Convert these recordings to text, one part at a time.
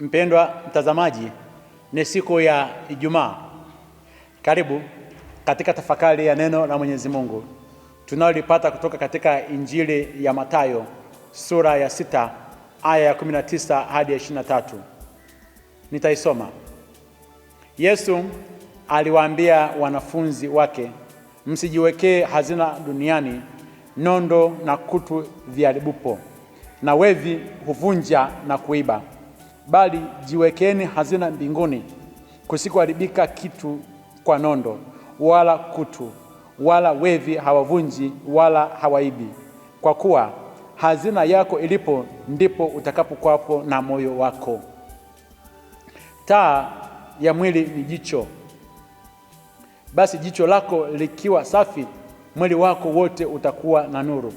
Mpendwa mtazamaji, ni siku ya Ijumaa. Karibu katika tafakari ya neno la Mwenyezi Mungu tunalipata kutoka katika Injili ya Mathayo sura ya sita aya ya 19 hadi ya tatu. Nitaisoma. Yesu aliwaambia wanafunzi wake, msijiwekee hazina duniani, nondo na kutu viharibupo, na wevi huvunja na kuiba bali jiwekeni hazina mbinguni, kusikuharibika kitu kwa nondo, wala kutu, wala wevi hawavunji, wala hawaibi. Kwa kuwa hazina yako ilipo, ndipo utakapokuwapo na moyo wako. Taa ya mwili ni jicho. Basi jicho lako likiwa safi, mwili wako wote utakuwa na nuru,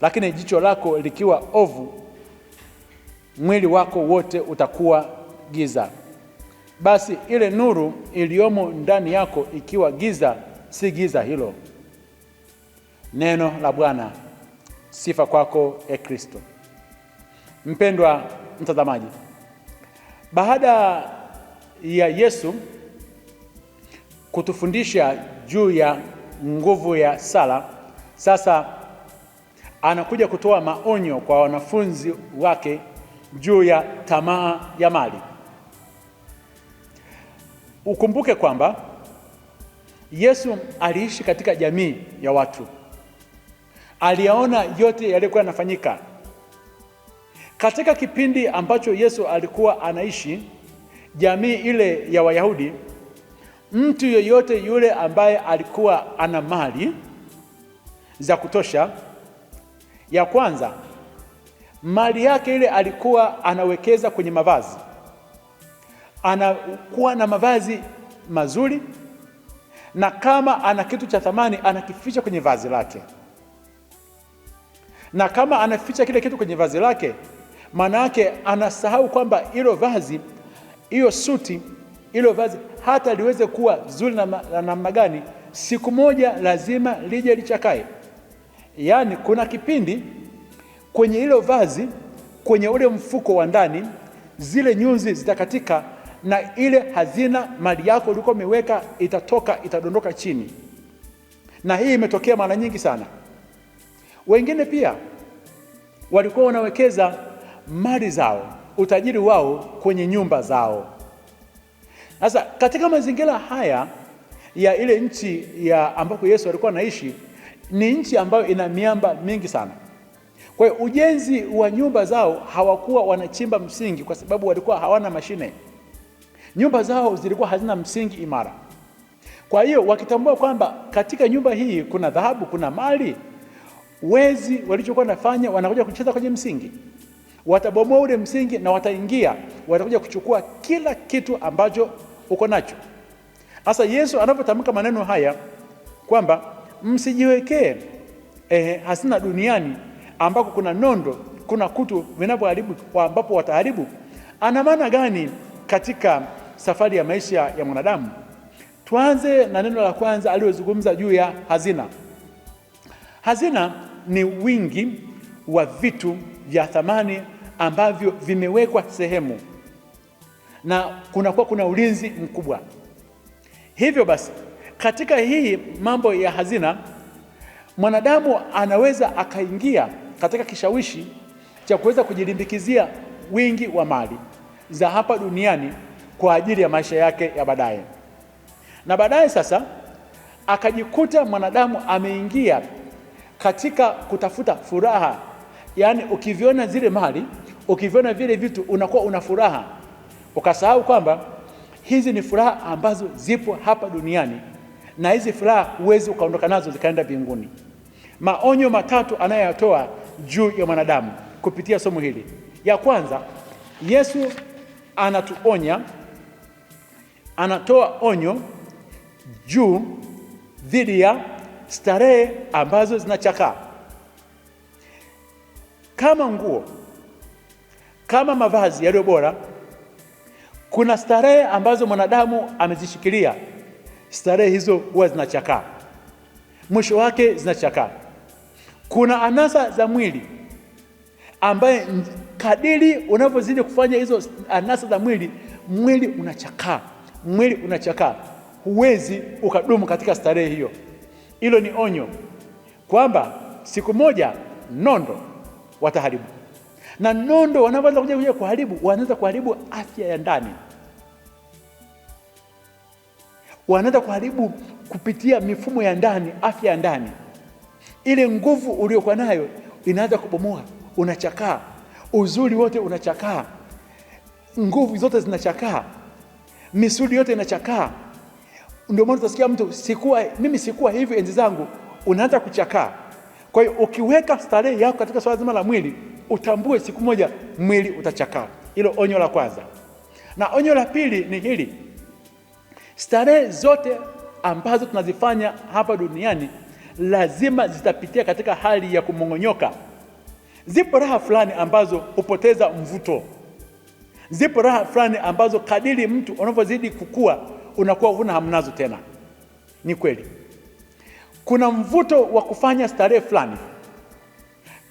lakini jicho lako likiwa ovu mwili wako wote utakuwa giza. Basi ile nuru iliyomo ndani yako ikiwa giza, si giza hilo. Neno la Bwana. Sifa kwako e Kristo. Mpendwa mtazamaji, baada ya Yesu kutufundisha juu ya nguvu ya sala, sasa anakuja kutoa maonyo kwa wanafunzi wake juu ya tamaa ya mali. Ukumbuke kwamba Yesu aliishi katika jamii ya watu, aliyaona yote yaliyokuwa yanafanyika katika kipindi ambacho Yesu alikuwa anaishi. Jamii ile ya Wayahudi, mtu yoyote yule ambaye alikuwa ana mali za kutosha, ya kwanza mali yake ile alikuwa anawekeza kwenye mavazi, anakuwa na mavazi mazuri, na kama ana kitu cha thamani anakificha kwenye vazi lake, na kama anaficha kile kitu kwenye vazi lake, maana yake anasahau kwamba hilo vazi, hiyo suti, hilo vazi hata liweze kuwa zuri na namna gani, siku moja lazima lije lichakae. Yaani kuna kipindi kwenye hilo vazi, kwenye ule mfuko wa ndani, zile nyuzi zitakatika na ile hazina mali yako ulikuwa umeweka itatoka, itadondoka chini. Na hii imetokea mara nyingi sana. Wengine pia walikuwa wanawekeza mali zao, utajiri wao kwenye nyumba zao. Sasa katika mazingira haya ya ile nchi ya ambako Yesu alikuwa anaishi, ni nchi ambayo ina miamba mingi sana. Kwa hiyo ujenzi wa nyumba zao hawakuwa wanachimba msingi, kwa sababu walikuwa hawana mashine. Nyumba zao zilikuwa hazina msingi imara. Kwa hiyo wakitambua kwamba katika nyumba hii kuna dhahabu, kuna mali, wezi walichokuwa nafanya wanakuja kucheza kwenye msingi, watabomoa ule msingi na wataingia, watakuja kuchukua kila kitu ambacho uko nacho. Sasa Yesu anapotamka maneno haya kwamba msijiwekee eh, hazina duniani ambako kuna nondo, kuna kutu vinavyoharibu, ambapo wataharibu. Ana maana gani katika safari ya maisha ya mwanadamu? Tuanze na neno la kwanza aliyozungumza juu ya hazina. Hazina ni wingi wa vitu vya thamani ambavyo vimewekwa sehemu na kunakuwa kuna ulinzi mkubwa. Hivyo basi, katika hii mambo ya hazina, mwanadamu anaweza akaingia katika kishawishi cha kuweza kujilimbikizia wingi wa mali za hapa duniani kwa ajili ya maisha yake ya baadaye. Na baadaye sasa akajikuta mwanadamu ameingia katika kutafuta furaha, yaani ukiviona zile mali, ukiviona vile vitu unakuwa una furaha, ukasahau kwamba hizi ni furaha ambazo zipo hapa duniani, na hizi furaha huwezi ukaondoka nazo zikaenda mbinguni. Maonyo matatu anayoyatoa juu ya mwanadamu kupitia somo hili. Ya kwanza, Yesu anatuonya, anatoa onyo juu dhidi ya starehe ambazo zinachakaa kama nguo, kama mavazi yaliyo bora. Kuna starehe ambazo mwanadamu amezishikilia, starehe hizo huwa zinachakaa, mwisho wake zinachakaa. Kuna anasa za mwili ambaye kadiri unavyozidi kufanya hizo anasa za mwili, mwili unachakaa, mwili unachakaa, huwezi ukadumu katika starehe hiyo. Hilo ni onyo kwamba siku moja nondo wataharibu, na nondo wanavyoanza kuja kuja kuharibu, wanaweza kuharibu afya ya ndani, wanaweza kuharibu kupitia mifumo ya ndani, afya ya ndani ile nguvu uliokuwa nayo inaanza kubomoa, unachakaa, uzuri wote unachakaa, nguvu zote zinachakaa, misuli yote inachakaa. Ndio maana utasikia mtu sikuwa, mimi sikuwa hivi enzi zangu, unaanza kuchakaa. Kwa hiyo ukiweka starehe yako katika swala zima la mwili, utambue siku moja mwili utachakaa. Hilo onyo la kwanza, na onyo la pili ni hili: starehe zote ambazo tunazifanya hapa duniani lazima zitapitia katika hali ya kumong'onyoka. Zipo raha fulani ambazo hupoteza mvuto, zipo raha fulani ambazo kadiri mtu unavyozidi kukua unakuwa huna hamnazo tena. Ni kweli kuna mvuto wa kufanya starehe fulani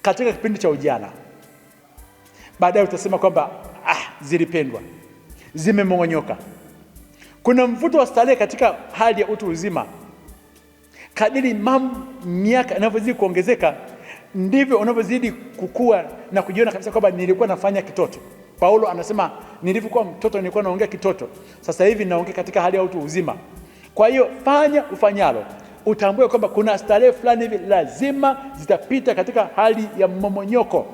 katika kipindi cha ujana, baadaye utasema kwamba ah, zilipendwa, zimemong'onyoka. Kuna mvuto wa starehe katika hali ya utu uzima kadiri mam, miaka inavyozidi kuongezeka ndivyo unavyozidi kukua na kujiona kabisa kwamba nilikuwa nafanya kitoto. Paulo anasema nilivyokuwa mtoto nilikuwa naongea kitoto, sasa hivi naongea katika hali ya utu uzima. Kwa hiyo fanya ufanyalo, utambue kwamba kuna starehe fulani hivi lazima zitapita katika hali ya mmomonyoko,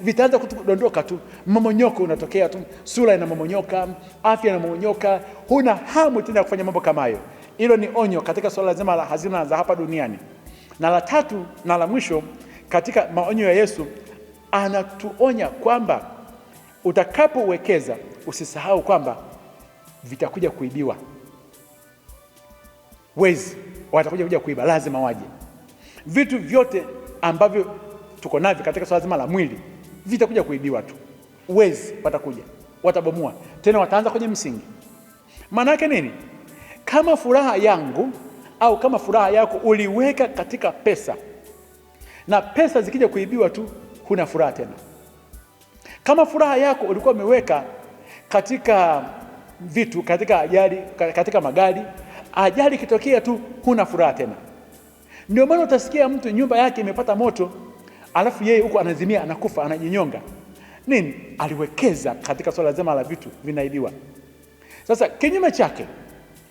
vitaanza kudondoka tu, mmomonyoko unatokea tu, sura inamomonyoka, afya inamomonyoka, huna hamu tena ya kufanya mambo kama hayo. Hilo ni onyo katika suala zima la hazina za hapa duniani. Na la tatu na la mwisho katika maonyo ya Yesu, anatuonya kwamba utakapowekeza usisahau kwamba vitakuja kuibiwa. Wezi watakuja kuja kuiba, lazima waje. Vitu vyote ambavyo tuko navyo katika swala zima la mwili vitakuja kuibiwa tu. Wezi watakuja, watabomua tena wataanza kwenye msingi. Maana yake nini? Kama furaha yangu au kama furaha yako uliweka katika pesa na pesa zikija kuibiwa tu, huna furaha tena. Kama furaha yako ulikuwa umeweka katika vitu, katika ajali, katika magari, ajali ikitokea tu, huna furaha tena. Ndio maana utasikia mtu nyumba yake imepata moto, alafu yeye huko anazimia, anakufa, anajinyonga. Nini? Aliwekeza katika swala zima la vitu vinaibiwa. Sasa kinyume chake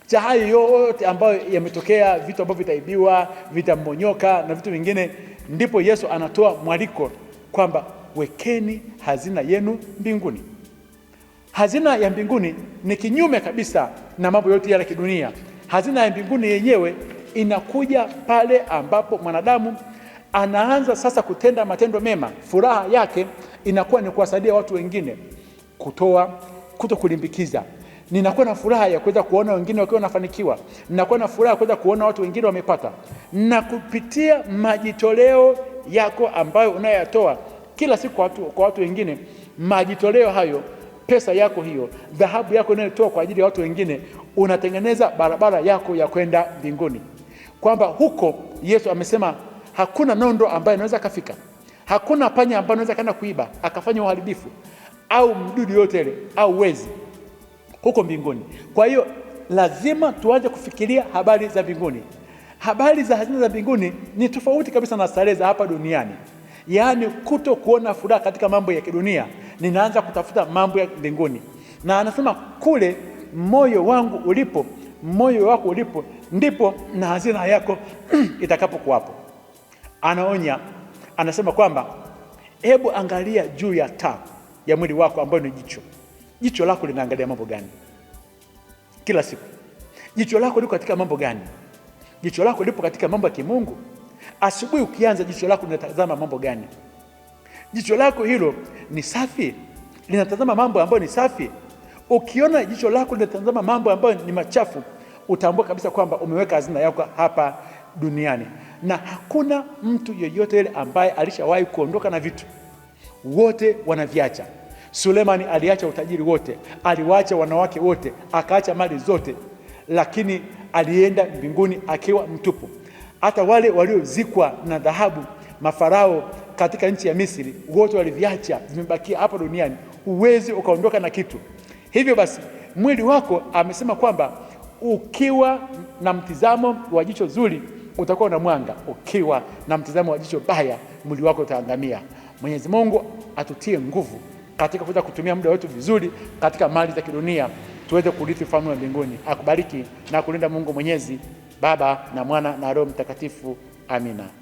cha hayo yote ambayo yametokea, vitu ambavyo vitaibiwa, vitamonyoka na vitu vingine, ndipo Yesu anatoa mwaliko kwamba wekeni hazina yenu mbinguni. Hazina ya mbinguni ni kinyume kabisa na mambo yote yale kidunia. Hazina ya mbinguni yenyewe inakuja pale ambapo mwanadamu anaanza sasa kutenda matendo mema. Furaha yake inakuwa ni kuwasaidia watu wengine, kutoa, kuto kulimbikiza ninakuwa na furaha ya kuweza kuona wengine wakiwa wanafanikiwa, ninakuwa na furaha ya kuweza kuona watu wengine wamepata. Na kupitia majitoleo yako ambayo unayoyatoa kila siku kwa watu, kwa watu wengine, majitoleo hayo, pesa yako hiyo, dhahabu yako unayotoa kwa ajili ya watu wengine, unatengeneza barabara yako ya kwenda mbinguni, kwamba huko Yesu amesema hakuna nondo ambayo inaweza akafika, hakuna panya ambayo anaweza kaenda kuiba akafanya uharibifu, au mdudu yote ile au wezi huko mbinguni. Kwa hiyo lazima tuanze kufikiria habari za mbinguni. Habari za hazina za mbinguni ni tofauti kabisa na starehe za hapa duniani, yaani kuto kuona furaha katika mambo ya kidunia, ninaanza kutafuta mambo ya mbinguni. Na anasema kule moyo wangu ulipo, moyo wako ulipo, ndipo na hazina yako itakapokuwapo. Anaonya, anasema kwamba hebu angalia juu ya taa ya mwili wako ambayo ni jicho. Jicho lako linaangalia mambo gani kila siku? Jicho lako liko katika mambo gani? Jicho lako lipo katika mambo ya kimungu? Asubuhi ukianza, jicho lako linatazama mambo gani? Jicho lako hilo ni safi, linatazama mambo ambayo ni safi? Ukiona jicho lako linatazama mambo ambayo ni machafu, utambua kabisa kwamba umeweka hazina yako hapa duniani, na hakuna mtu yeyote yule ambaye alishawahi kuondoka na vitu, wote wanaviacha. Sulemani aliacha utajiri wote, aliwaacha wanawake wote, akaacha mali zote, lakini alienda mbinguni akiwa mtupu. Hata wale waliozikwa na dhahabu mafarao katika nchi ya Misri wote waliviacha, vimebakia hapa duniani. Huwezi ukaondoka na kitu. Hivyo basi mwili wako, amesema kwamba ukiwa na mtizamo wa jicho zuri utakuwa na mwanga, ukiwa na mtizamo wa jicho baya mwili wako utaangamia. Mwenyezi Mungu atutie nguvu katika kuweza kutumia muda wetu vizuri katika mali za kidunia tuweze kurithi ufalme wa mbinguni. Akubariki na kulinda Mungu Mwenyezi, Baba na Mwana na Roho Mtakatifu. Amina.